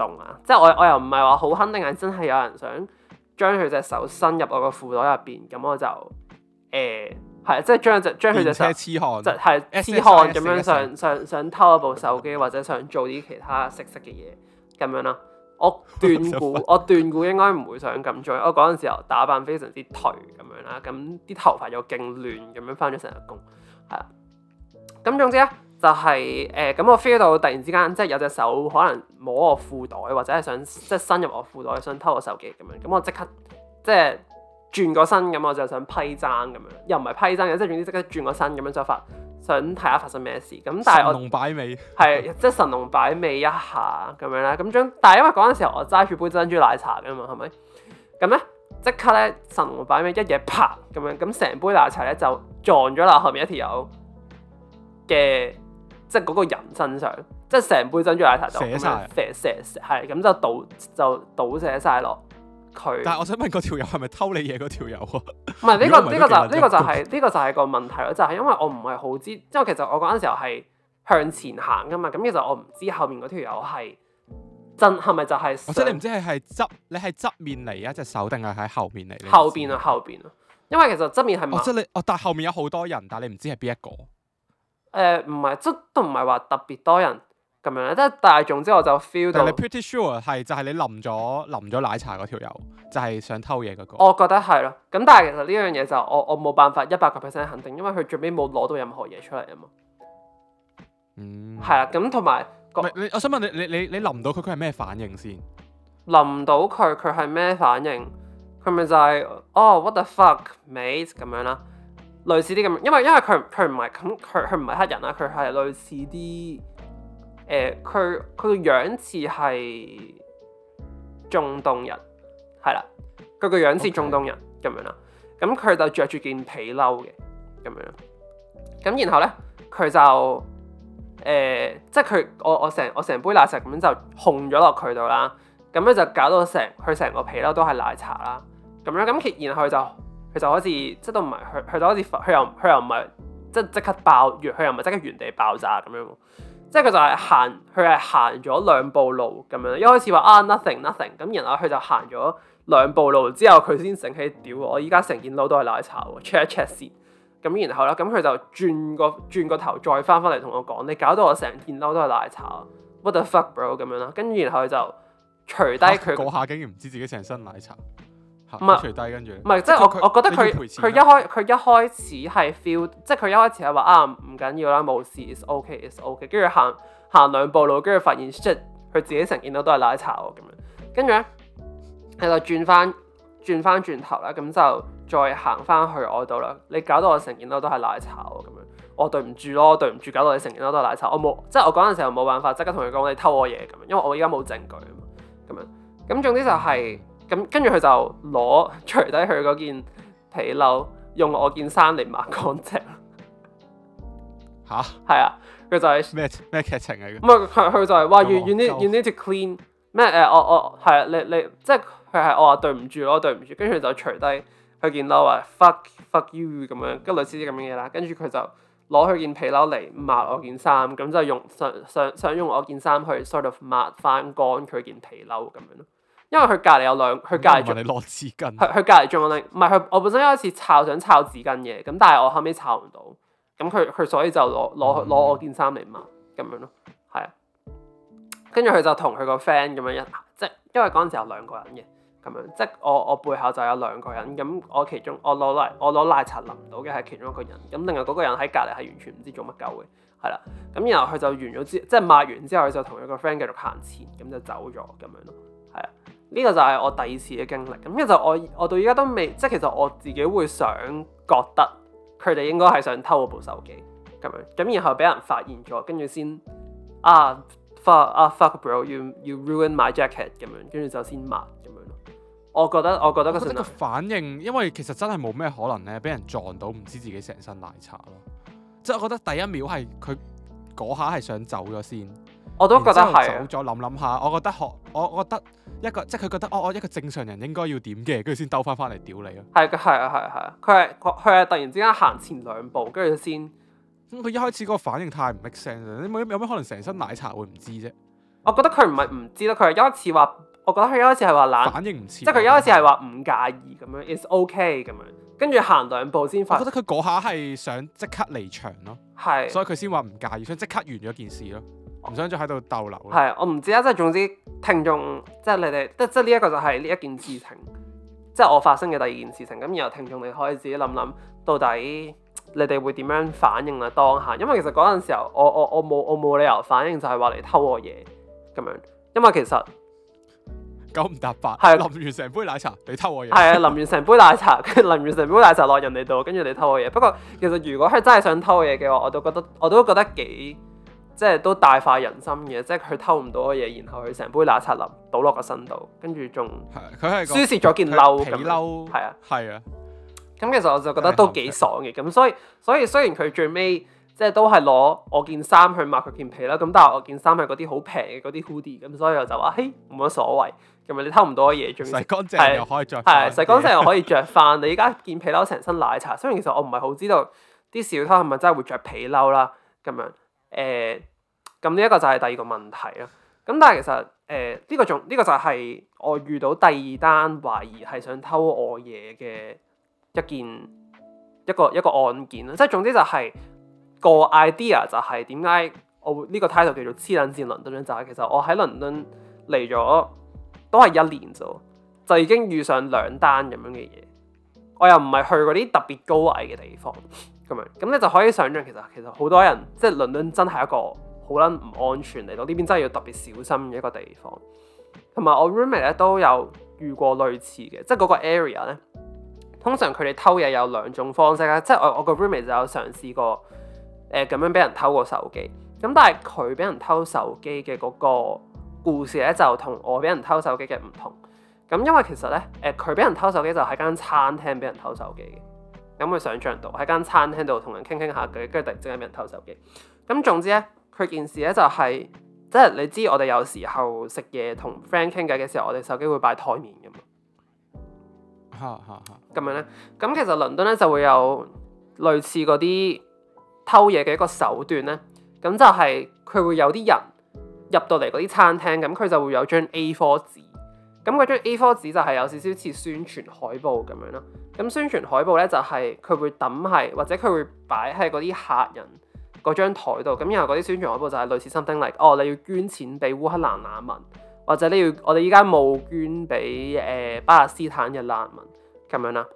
動啊！即係我我又唔係話好肯定係真係有人想將佢隻手伸入我個褲袋入邊，咁我就誒係、欸、即係將隻將佢隻手即係黐汗咁樣想想想偷我部手機或者想做啲其他色色嘅嘢咁樣啦。我斷估我斷估應該唔會想咁做。我嗰陣時候打扮非常頹、嗯、之頹咁樣啦，咁啲頭髮又勁亂咁樣返咗成日工，係啦，咁總之。就係誒咁，呃、我 feel 到突然之間即係有隻手可能摸我褲袋，或者係想即係伸入我褲袋，想偷我手機咁樣。咁我即刻即係轉個身咁，我就想批踭咁樣，又唔係批踭嘅，即係總之即刻轉個身咁樣，就發想睇下發生咩事。咁但係我神龍擺尾，係即係神龍擺尾一下咁樣啦。咁將但係因為嗰陣時候我揸住杯珍珠奶茶嘅嘛，係咪？咁咧即刻咧神龍擺尾一嘢啪咁樣，咁成杯奶茶咧就撞咗落後面一條友嘅。即係嗰個人身上，即係成杯珍珠奶茶就瀉晒完，寫寫係咁就倒就倒瀉晒落佢。但係我想問，嗰條友係咪偷你嘢嗰條友啊？唔係呢個呢、呢個、個就呢個就係、係、呢個就係個問題咯，就係、係、因為我唔係好知，即係其實我嗰陣時候係向前行㗎嘛，咁其實我唔知後面嗰條友係真係咪就係，即係你唔知係係側你係側面嚟一隻手，定係喺後面嚟？後邊啊，後邊啊，因為其實側面係咪？即係你但係後面有好多人，但係你唔知係邊一個。誒，唔係、呃，即都唔係話特別多人咁樣，即係，但係總之我就 feel 到。但係 pretty sure 係就係你淋咗淋咗奶茶嗰條友，就係想偷嘢嗰個。我覺得係咯，咁但係其實呢樣嘢就我我冇辦法一百個 percent 肯定，因為佢最尾冇攞到任何嘢出嚟啊嘛。嗯。係啦、啊，咁同埋，我想問你，你你你淋到佢，佢係咩反應先？淋到佢，佢係咩反應？佢咪就係哦，what the fuck，mate，咁樣啦。類似啲咁，因為因為佢佢唔係咁，佢佢唔係黑人啦，佢係類似啲誒，佢佢個樣似係中東人，係啦，佢個樣似中東人咁 Okay. 樣啦，咁佢就着住件皮褸嘅咁樣，咁然後咧佢就誒、呃，即係佢我我成我成杯奶茶咁樣就紅咗落佢度啦，咁樣就搞到成佢成個皮褸都係奶茶啦，咁樣咁然後佢就。其實好似即係都唔係，佢佢都好似佢又佢又唔係即即刻爆，佢又唔係即刻原地爆炸咁樣。即係佢就係行，佢係行咗兩步路咁樣。一開始話啊、oh，nothing nothing，咁然後佢就行咗兩步路之後，佢先醒起，屌我依家成件褸都係奶茶喎，check check 先。咁然後咧，咁佢就轉個轉個頭再，再翻翻嚟同我講：你搞到我成件褸都係奶茶，what the fuck bro？咁樣啦，跟住然後佢就除低佢。嗰下竟然唔知自己成身奶茶。唔係唔係即係我我覺得佢佢一開佢一開始係 feel，即係佢一開始係話啊唔緊要啦，冇事，is okay is okay。跟住行行兩步路，跟住發現即係佢自己成件褸都係奶茶喎咁樣。跟住咧喺度轉翻轉翻轉頭啦，咁就再行翻去我度啦。你搞到我成件褸都係奶茶喎咁樣。我對唔住咯，對唔住，搞到你成件褸都係奶茶。我冇即係我嗰陣時候冇辦法即刻同佢講你偷我嘢咁樣，因為我依家冇證據咁樣。咁總之就係。咁跟住佢就攞除低佢嗰件皮褸，用我件衫嚟抹乾淨。吓？係 啊，佢就係咩咩劇情啊？唔佢佢就係話，you you need you need to clean 咩？誒、啊、我我係啊，你你即係佢係我話對唔住咯，對唔住。跟住佢就除低佢件褸啊，fuck fuck you 咁樣，跟類似啲咁樣嘢啦。跟住佢就攞佢件皮褸嚟抹我件衫，咁就用想想想用我件衫去 sort of 抹翻乾佢件皮褸咁樣咯。因為佢隔籬有兩，佢隔籬仲我哋攞紙巾，佢佢隔籬仲有兩，唔係佢我本身有一次始抄想抄紙巾嘅，咁但係我後尾抄唔到，咁佢佢所以就攞攞攞我件衫嚟抹，咁樣咯。係啊，跟住佢就同佢個 friend 咁樣一，即係因為嗰陣時有兩個人嘅，咁樣，即係我我背後就有兩個人，咁我其中我攞嚟我攞奶茶淋到嘅係其中一個人，咁另外嗰個人喺隔籬係完全唔知做乜鳩嘅。係啦，咁然後佢就完咗之，即係抹完之後佢就同佢個 friend 繼續行前，咁就走咗，咁樣咯。呢個就係我第二次嘅經歷，咁，因為就我我到依家都未，即係其實我自己會想覺得佢哋應該係想偷我部手機咁樣，咁然後俾人發現咗，跟住先啊 fuck 啊 fuck bro 要要 ruin my jacket 咁樣，跟住就先抹咁樣咯。我覺得我覺得，我覺得個反應，因為其實真係冇咩可能咧，俾人撞到唔知自己成身奶茶咯。即係我覺得第一秒係佢嗰下係想走咗先。我都覺得係走咗諗諗下，我覺得學我得，我覺得一個即係佢覺得哦哦，我一個正常人應該要點嘅，跟住先兜翻翻嚟屌你咯。係嘅，係啊，係啊，佢係佢係突然之間行前兩步，跟住先。咁佢、嗯、一開始嗰個反應太唔 make sense 啦！有咩可能成身奶茶會唔知啫？我覺得佢唔係唔知咯，佢一開始話我覺得佢一開始係話懶，反應唔似。即係佢一開始係話唔介意咁樣，is okay 咁樣，跟住行兩步先發。我覺得佢嗰下係想即刻離場咯，係的，所以佢先話唔介意，想即刻完咗件事咯。唔想再喺度逗留。係，我唔知啊。即係總之，聽眾即係、就是、你哋，即即呢一個就係呢一件事情，即、就、係、是、我發生嘅第二件事情。咁然後聽眾你可以自己諗諗，到底你哋會點樣反應啊？當下，因為其實嗰陣時候我，我我我冇我冇理由反應就係話你偷我嘢咁樣，因為其實九唔搭八，係是淋完成杯奶茶你偷我嘢，係啊， 淋完成杯奶茶，淋完成杯奶茶落人哋度，跟住你偷我嘢。不過其實如果係真係想偷嘢嘅話，我都覺得我都覺得，我都覺得幾。即係都大快人心嘅，即係佢偷唔到嘅嘢，然後佢成杯奶茶淋倒落個身度，跟住仲係佢係輸蝕咗件褸，皮褸，係啊，係啊，咁其實我就覺得都幾爽嘅。咁所以所以雖然佢最尾即係都係攞我件衫去抹佢件皮褸啦，咁但係我件衫係嗰啲好平嘅嗰啲 hoodie，咁所以我就話嘿，冇乜所謂，因為你偷唔到嘅嘢，仲洗乾淨又可以著，係洗乾淨又可以着翻。可以 你而家件皮褸成身奶茶，雖然其實我唔係好知道啲小偷係咪真係會着皮褸啦咁樣。誒，咁呢一個就係第二個問題啦。咁但係其實誒呢、呃呢個仲呢、呢個就係我遇到第二單懷疑係想偷我嘢嘅一件,一,件一個一個案件啦。即係總之就係、是、個 idea 就係點解我會呢個 title 叫做黐撚線倫敦？咧就係、是、其實我喺倫敦嚟咗都係一年啫，就已經遇上兩單咁樣嘅嘢。我又唔係去嗰啲特別高危嘅地方，咁樣，咁你就可以想象其實其實好多人即係倫敦真係一個好撚唔安全，嚟到呢邊真係要特別小心嘅一個地方，同埋我 roommate 咧都有遇過類似嘅，即係嗰個 area 呢，通常佢哋偷嘢有兩種方式咧，即係我我個 roommate 就有嘗試過誒咁、呃、樣俾人偷過手機，咁但係佢俾人偷手機嘅嗰個故事咧就同我俾人偷手機嘅唔同。咁因為其實咧，誒佢俾人偷手機就喺間餐廳俾人偷手機嘅，有冇想象到喺間餐廳度同人傾傾下偈，跟住突然之間俾人偷手機。咁總之咧，佢件事咧就係、是，即係你知我哋有時候食嘢同 friend 傾偈嘅時候，我哋手機會擺台面噶嘛。咁 樣咧，咁其實倫敦咧就會有類似嗰啲偷嘢嘅一個手段咧，咁就係佢會有啲人入到嚟嗰啲餐廳，咁佢就會有張 A4 紙。咁嗰張 A4 紙就係有少少似宣傳海報咁樣咯。咁宣傳海報咧就係、是、佢會抌喺或者佢會擺喺嗰啲客人嗰張台度。咁然後嗰啲宣傳海報就係類似 something like 哦，你要捐錢俾烏克蘭難民，或者你要我哋依家募捐俾誒、呃、巴勒斯坦嘅難民咁樣啦。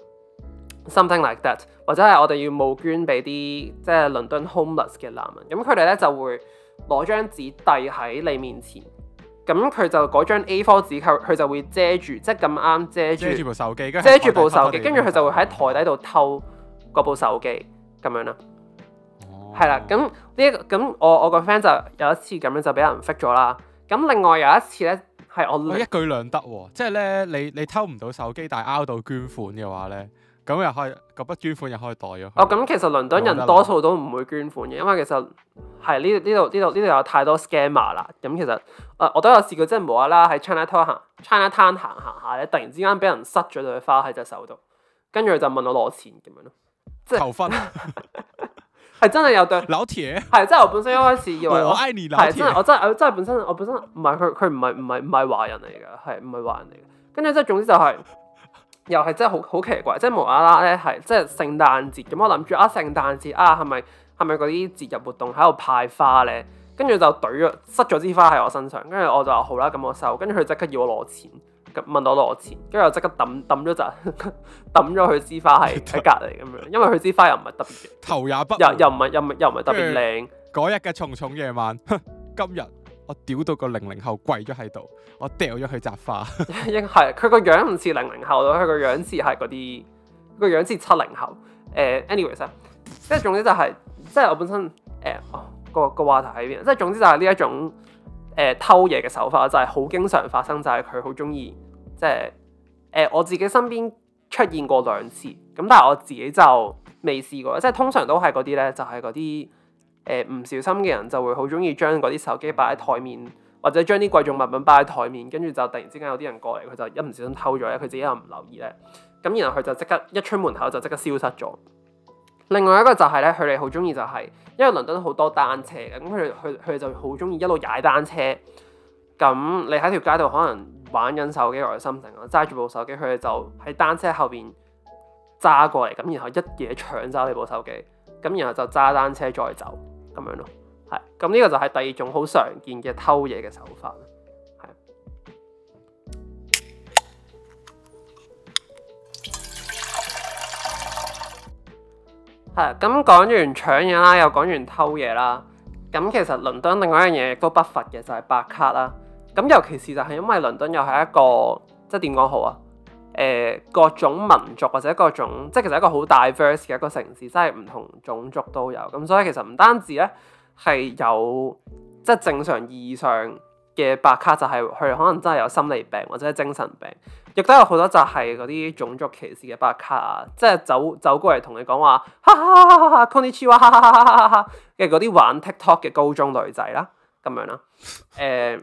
something like that，或者係我哋要募捐俾啲即係倫敦 homeless 嘅難民。咁佢哋咧就會攞張紙遞喺你面前。咁佢就嗰張 A4 紙扣，佢就會遮住，即係咁啱遮住，遮住部手機，跟住佢就會喺台底度偷嗰部手機咁樣啦。係啦、哦，咁呢，咁、這個、我我個 friend 就有一次咁樣就俾人 fit 咗啦。咁另外有一次咧，係我,我一舉兩得，即係咧你你偷唔到手機，但係 out 到捐款嘅話咧。咁又可以個筆捐款又可以袋咗。哦，咁、嗯、其實倫敦人多數都唔會捐款嘅，因為其實係呢度，呢度呢度呢度有太多 scammer 啦。咁、嗯、其實、呃、我都有試過，即係無啦啦喺 China Town 行 China Town 行行下咧，突然之間俾人塞咗對花喺隻手度，跟住佢就問我攞錢咁樣，即係好求婚，係 真係有對老鐵帖，係即係我本身一開始以為我愛你老鐵，我真係我真係本身我本身唔係佢佢唔係唔係唔係華人嚟嘅，係唔係華人嚟嘅，跟住即係總之就係。又係真係好好奇怪，即係無啦啦咧係即係聖誕節咁，我諗住啊聖誕節啊係咪係咪嗰啲節日活動喺度派花咧？跟住就懟咗塞咗支花喺我身上，跟住我就話好啦，咁我收，跟住佢即刻要我攞錢，問到我攞錢，跟住我即刻抌抌咗陣抌咗佢支花喺喺隔籬咁樣，因為佢支花又唔係特別嘅， 頭也不又又唔係又又唔係特別靚。嗰日嘅蟲蟲夜晚，今日。我屌到個零零後跪咗喺度，我掉咗佢紮花。應係佢個樣唔似零零後咯，佢個樣似係嗰啲，個樣似七零後。誒，anyways 即係總之就係、是，即係我本身誒、呃哦，個個話題喺邊？即係總之就係呢一種誒、呃、偷嘢嘅手法就係、是、好經常發生，就係佢好中意即係誒我自己身邊出現過兩次，咁但係我自己就未試過。即係通常都係嗰啲咧，就係嗰啲。誒唔小心嘅人就會好中意將嗰啲手機擺喺台面，或者將啲貴重物品擺喺台面，跟住就突然之間有啲人過嚟，佢就一唔小心偷咗咧，佢自己又唔留意咧，咁然後佢就即刻一出門口就即刻消失咗。另外一個就係咧，佢哋好中意就係，因為倫敦好多單車嘅，咁佢佢佢哋就好中意一路踩單車。咁你喺條街度可能玩緊手機或者心情啊，揸住部手機，佢哋就喺單車後邊揸過嚟，咁然後一嘢搶走你部手機，咁然後就揸單車再走。咁樣咯，係咁呢個就係第二種好常見嘅偷嘢嘅手法啦，咁講完搶嘢啦，又講完偷嘢啦，咁其實倫敦另外一樣嘢亦都不乏嘅就係白卡啦。咁尤其是就係因為倫敦又係一個即係點講好啊？誒、呃、各種民族或者各種，即係其實一個好 diverse 嘅一個城市，真係唔同種族都有。咁所以其實唔單止咧係有，即係正常意義上嘅白卡，就係、是、佢可能真係有心理病或者係精神病，亦都有好多就係嗰啲種族歧視嘅白卡，啊、即係走走過嚟同你講話，哈哈哈哈 wa，哈哈 Konnichiwa 哈 u 哈哈哈，哈哈，嘅嗰啲玩 TikTok 嘅高中女仔啦，咁樣啦，誒、呃，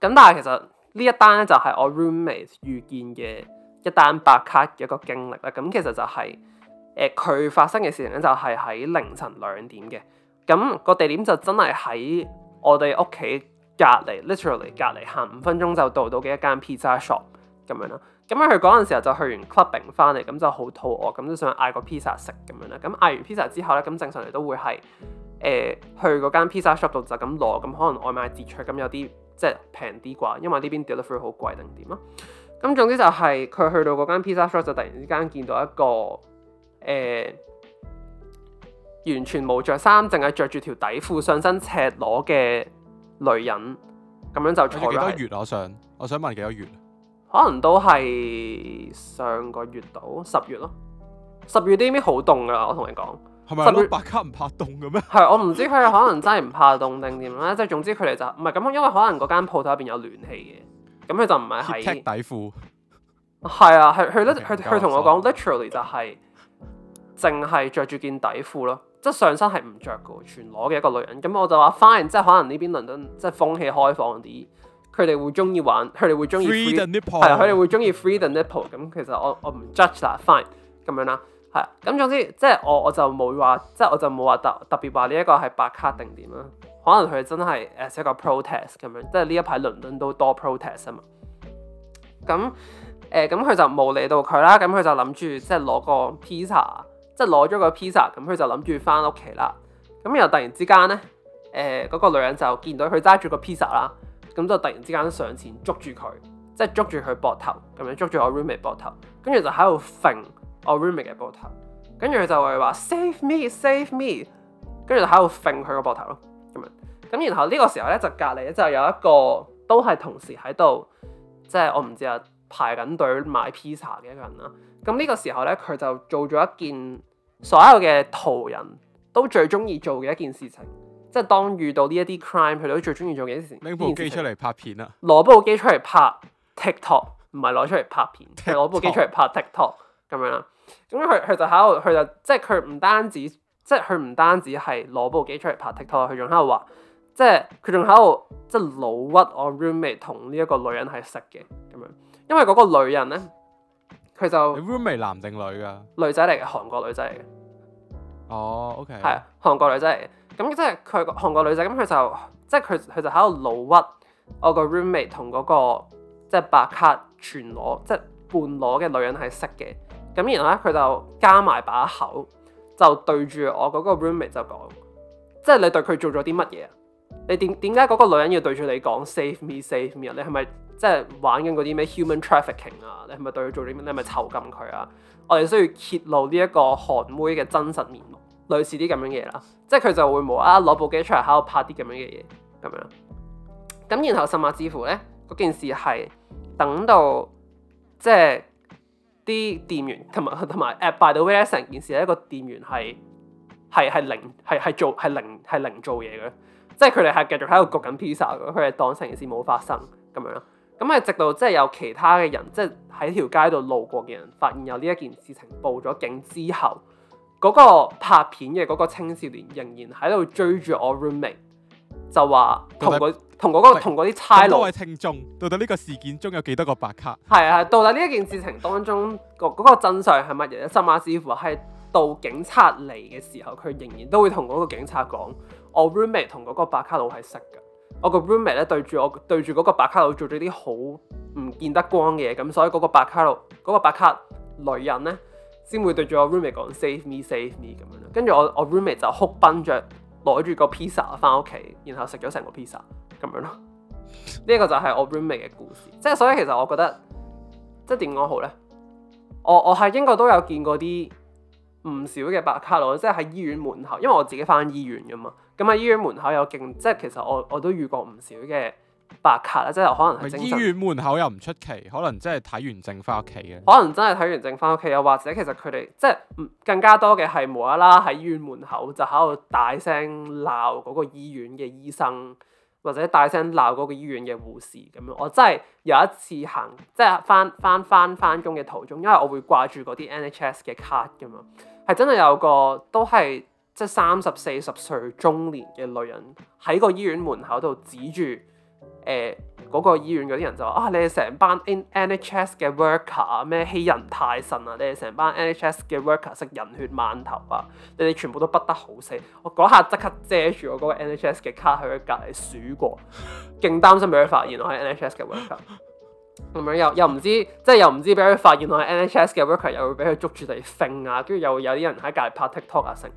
咁但係其實。呢一單咧就係我 roommate 遇見嘅一單白卡嘅一個經歷啦。咁其實就係誒佢發生嘅事情咧，就係、是、喺凌晨兩點嘅。咁、那個地點就真係喺我哋屋企隔離，literally 隔離行五分鐘就到到嘅一間 pizza shop 咁樣啦。咁佢嗰陣時候就去完 clubbing 翻嚟，咁就好肚餓，咁就想嗌個 pizza 食咁樣啦。咁嗌完 pizza 之後咧，咁正常嚟都會係誒、呃、去嗰間 pizza shop 度就咁攞，咁可能外賣自取，咁有啲。即係平啲啩，因為呢邊 delivery 好貴定點咯。咁總之就係、是、佢去到嗰間 pizza shop 就突然之間見到一個誒、呃、完全冇着衫，淨係着住條底褲上身赤裸嘅女人，咁樣就坐咗喺度。幾多月、啊？我想我想問幾多月、啊？可能都係上個月到十月咯。十月啲咩好凍㗎？我同你講。係咪八卡唔怕凍嘅咩？係。 我唔知佢可能真係唔怕凍定點啦。即係總之佢哋就唔係咁，因為可能嗰間鋪頭入邊有暖氣嘅。咁佢就唔係喺底褲。係啊，係佢佢同我講 literally 就係淨係着住件底褲咯。即係上身係唔着嘅，全裸嘅一個女人。咁我就話 fine，即係可能呢邊倫敦即係風氣開放啲，佢哋會中意玩，佢哋會中意 free the nipple。佢哋會中意 free the nipple。咁其實我我唔 judge 啦，fine 咁樣啦。係，咁、 嗯、總之即係我我就冇話，即係我就冇話特特別話呢一個係白卡定點啦。可能佢真係誒係一個 protest 咁樣，即係呢一排倫敦都多 protest 啊嘛。咁誒咁佢就無理到佢啦，咁佢就諗住即係攞個 pizza，即係攞咗個 pizza，咁佢就諗住翻屋企啦。咁又突然之間咧，誒、呃、嗰、那個女人就見到佢揸住個 pizza 啦，咁就突然之間上前捉住佢，即係捉住佢膊頭，咁樣捉住我 roommate 膊頭，跟住就喺度揈。我 roommate 嘅膊頭，跟住佢就會話 save me，save me，跟住就喺度揈佢個膊頭咯咁樣。咁然後呢個時候咧，就隔離就有一個都係同時喺度，即係我唔知啊排緊隊買 pizza 嘅一個人啦。咁呢個時候咧，佢就做咗一件所有嘅途人都最中意做嘅一件事情，即係當遇到呢一啲 crime，佢哋都最中意做嘅事情。拎部機出嚟拍片啊！攞部機出嚟拍 TikTok，唔係攞出嚟拍片，係攞 TikTok 部機出嚟拍 TikTok 咁樣啦。咁佢佢就喺度，佢就即係佢唔單止，即係佢唔單止係攞部機出嚟拍 TikTok，佢仲喺度話，即係佢仲喺度即係老屈我 roommate 同呢一個女人係識嘅咁樣，因為嗰個女人咧，佢就 roommate 男定女噶？女仔嚟嘅，韓國女仔嚟嘅。哦，OK，係啊，韓國女仔嚟嘅。咁即係佢韓國女仔，咁佢就即係佢佢就喺度老屈我個 roommate 同嗰個即係白卡全裸即係半裸嘅女人係識嘅。咁然後咧，佢就加埋把口，就對住我嗰個 roommate 就講，即係你對佢做咗啲乜嘢？你點點解嗰個女人要對住你講 save me save me？你係咪即係玩緊嗰啲咩 human trafficking 啊？你係咪對佢做啲咩？你係咪囚禁佢啊？我哋需要揭露呢一個韓妹嘅真實面目，類似啲咁樣嘢啦。即係佢就會無啦啦攞部機出嚟喺度拍啲咁樣嘅嘢，咁樣。咁然後甚至乎咧，嗰件事係等到即係。啲店員同埋同埋 at by 到 where 成件事一個店員係係係零係係做係零係零做嘢嘅，即係佢哋係繼續喺度焗緊 pizza 嘅，佢哋當成件事冇發生咁樣啦。咁啊直到即係有其他嘅人即係喺條街度路過嘅人發現有呢一件事情報咗警之後，嗰、嗰個拍片嘅嗰個青少年仍然喺度追住我 roommate。就話同佢同嗰個同啲差佬，多位聽眾，到底呢個事件中有幾多個白卡？係啊，到底呢一件事情當中個嗰 個真相係乜嘢咧？森馬似乎係到警察嚟嘅時候，佢仍然都會同嗰個警察講：我 roommate 同嗰個白卡佬係識嘅。我個 roommate 咧，對住我對住嗰個白卡佬做咗啲好唔見得光嘅嘢，咁所以嗰個白卡佬嗰個白卡女人咧，先會對住我 roommate 講：save me，save me 咁樣。跟住我我 roommate 就哭崩著。攞住個 pizza 翻屋企，然後食咗成個 pizza 咁樣咯。呢、這、一個就係我 roommate 嘅故事，即係所以其實我覺得，即係點講好呢？我我喺英國都有見過啲唔少嘅白卡咯，即係喺醫院門口，因為我自己翻醫院噶嘛。咁喺醫院門口有勁，即係其實我我都遇過唔少嘅。白卡啦，即係可能係。醫院門口又唔出奇，可能真係睇完症返屋企嘅。可能真係睇完症返屋企，又或者其實佢哋即係更加多嘅係無啦啦喺醫院門口就喺度大聲鬧嗰個醫院嘅醫生，或者大聲鬧嗰個醫院嘅護士咁樣。我真係有一次行即係返返返返工嘅途中，因為我會掛住嗰啲 NHS 嘅卡噶嘛，係真係有個都係即係三十四十歲中年嘅女人喺個醫院門口度指住。誒嗰、呃那個醫院嗰啲人就話：啊，你哋成班 N H S 嘅 worker 啊，咩欺人太甚啊！你哋成班 N H S 嘅 worker 食人血饅頭啊！你哋全部都不得好死。我嗰下即刻遮住我嗰個 N H S 嘅卡喺佢隔籬數過，勁擔心俾佢發現我係 N H S 嘅 worker。咁樣又又唔知，即係又唔知俾佢發現我係 N H S 嘅 worker，又會俾佢捉住嚟㗎啊！跟住又有啲人喺隔籬拍 TikTok 啊，成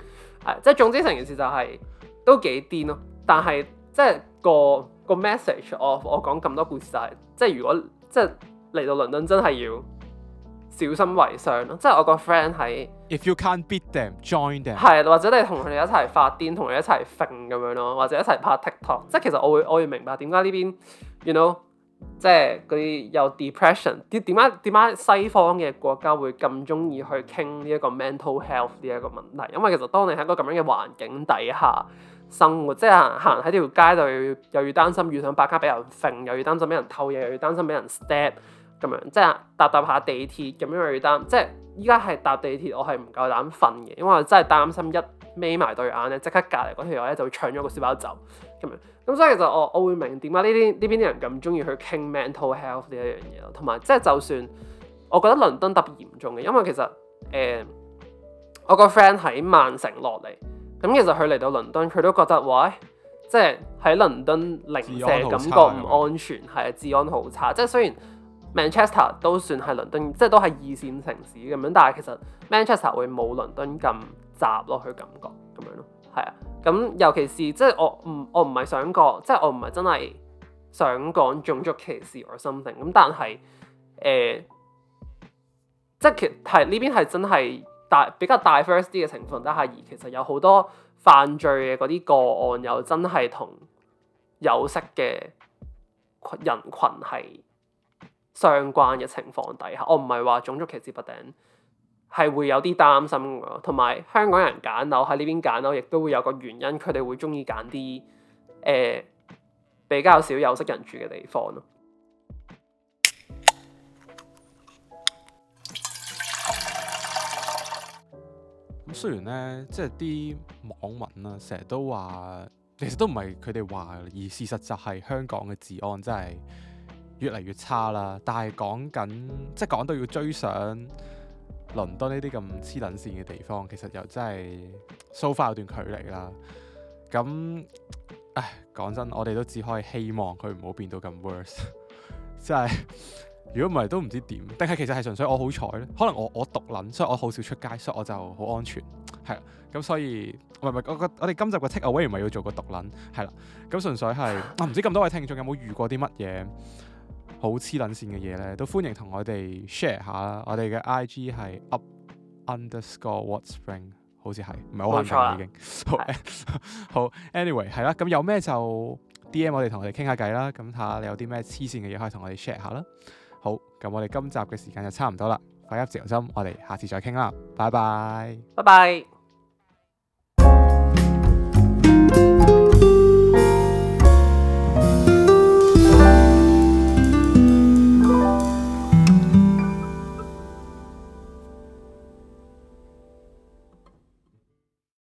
係即係總之成件事就係、是、都幾癲咯。但係即係個。個 message of 我我講咁多故事就係、是，即係如果即係嚟到倫敦真係要小心為上咯，即係我個 friend 喺。If you can't beat them, join them。係，或者你同佢哋一齊發癲，同佢哋一齊揈咁樣咯，或者一齊拍 TikTok。即係其實我會我會明白點解呢邊，you know，即係嗰啲有 depression，點解點解西方嘅國家會咁中意去傾呢一個 mental health 呢一個問題？因為其實當你喺一個咁樣嘅環境底下。生活即係行喺條街度又要擔心遇上白卡俾人揈，又要擔心俾人偷嘢，又要擔心俾人 stab 咁樣。即係搭搭下地鐵咁樣又要擔，即係依家係搭地鐵我係唔夠膽瞓嘅，因為我真係擔心一眯埋對眼咧，即刻隔離嗰條友咧就會搶咗個小包走咁樣。咁所以其實我我會明點解呢啲呢邊啲人咁中意去傾 mental health 呢一樣嘢咯，同埋即係就算我覺得倫敦特別嚴重嘅，因為其實誒、呃、我個 friend 喺曼城落嚟。咁其實佢嚟到倫敦，佢都覺得喂，即係喺倫敦零舍感覺唔安全，係啊的，治安好差。即係雖然 Manchester 都算係倫敦，即係都係二線城市咁樣，但係其實 Manchester 會冇倫敦咁雜咯，佢感覺咁樣咯，係啊。咁尤其是即係我唔，我唔係想講，即係我唔係真係想講種族歧視 or something。咁但係誒，即係其係呢邊係真係。大比較大 first 啲嘅情況底下，而其實有好多犯罪嘅嗰啲個案，又真係同有色嘅人群係相關嘅情況底下，我唔係話種族歧視不頂，係會有啲擔心嘅。同埋香港人揀樓喺呢邊揀樓，亦都會有個原因，佢哋會中意揀啲誒比較少有色人住嘅地方咯。雖然呢，即係啲網民啦、啊，成日都話，其實都唔係佢哋話，而事實就係、是、香港嘅治安真係越嚟越差啦。但係講緊，即係講到要追上倫敦呢啲咁黐撚線嘅地方，其實又真係 so far 有段距離啦。咁，唉，講真，我哋都只可以希望佢唔好變到咁 worse，即係。 真係如果唔係都唔知點，定係其實係純粹我好彩咧。可能我我獨撚，所以我好少出街，所以我就好安全。係啊，咁所以唔係唔係，我哋今集嘅 take away 唔係要做個獨撚係啦。咁純粹係我唔知咁多位聽眾有冇遇過啲乜嘢好黐撚線嘅嘢咧，都歡迎同我哋 share 下啦。我哋嘅 IG 係 up underscore whatspring，好似係唔係我錯已經。好，anyway 係啦。咁是的、 anyway，有咩就 DM 我哋同我哋傾下偈啦。咁睇下你有啲咩黐線嘅嘢可以同我哋 share 下啦。好，咁我哋今集嘅時間就差唔多啦，我係自由心，我哋下次再傾啦，拜拜，拜拜。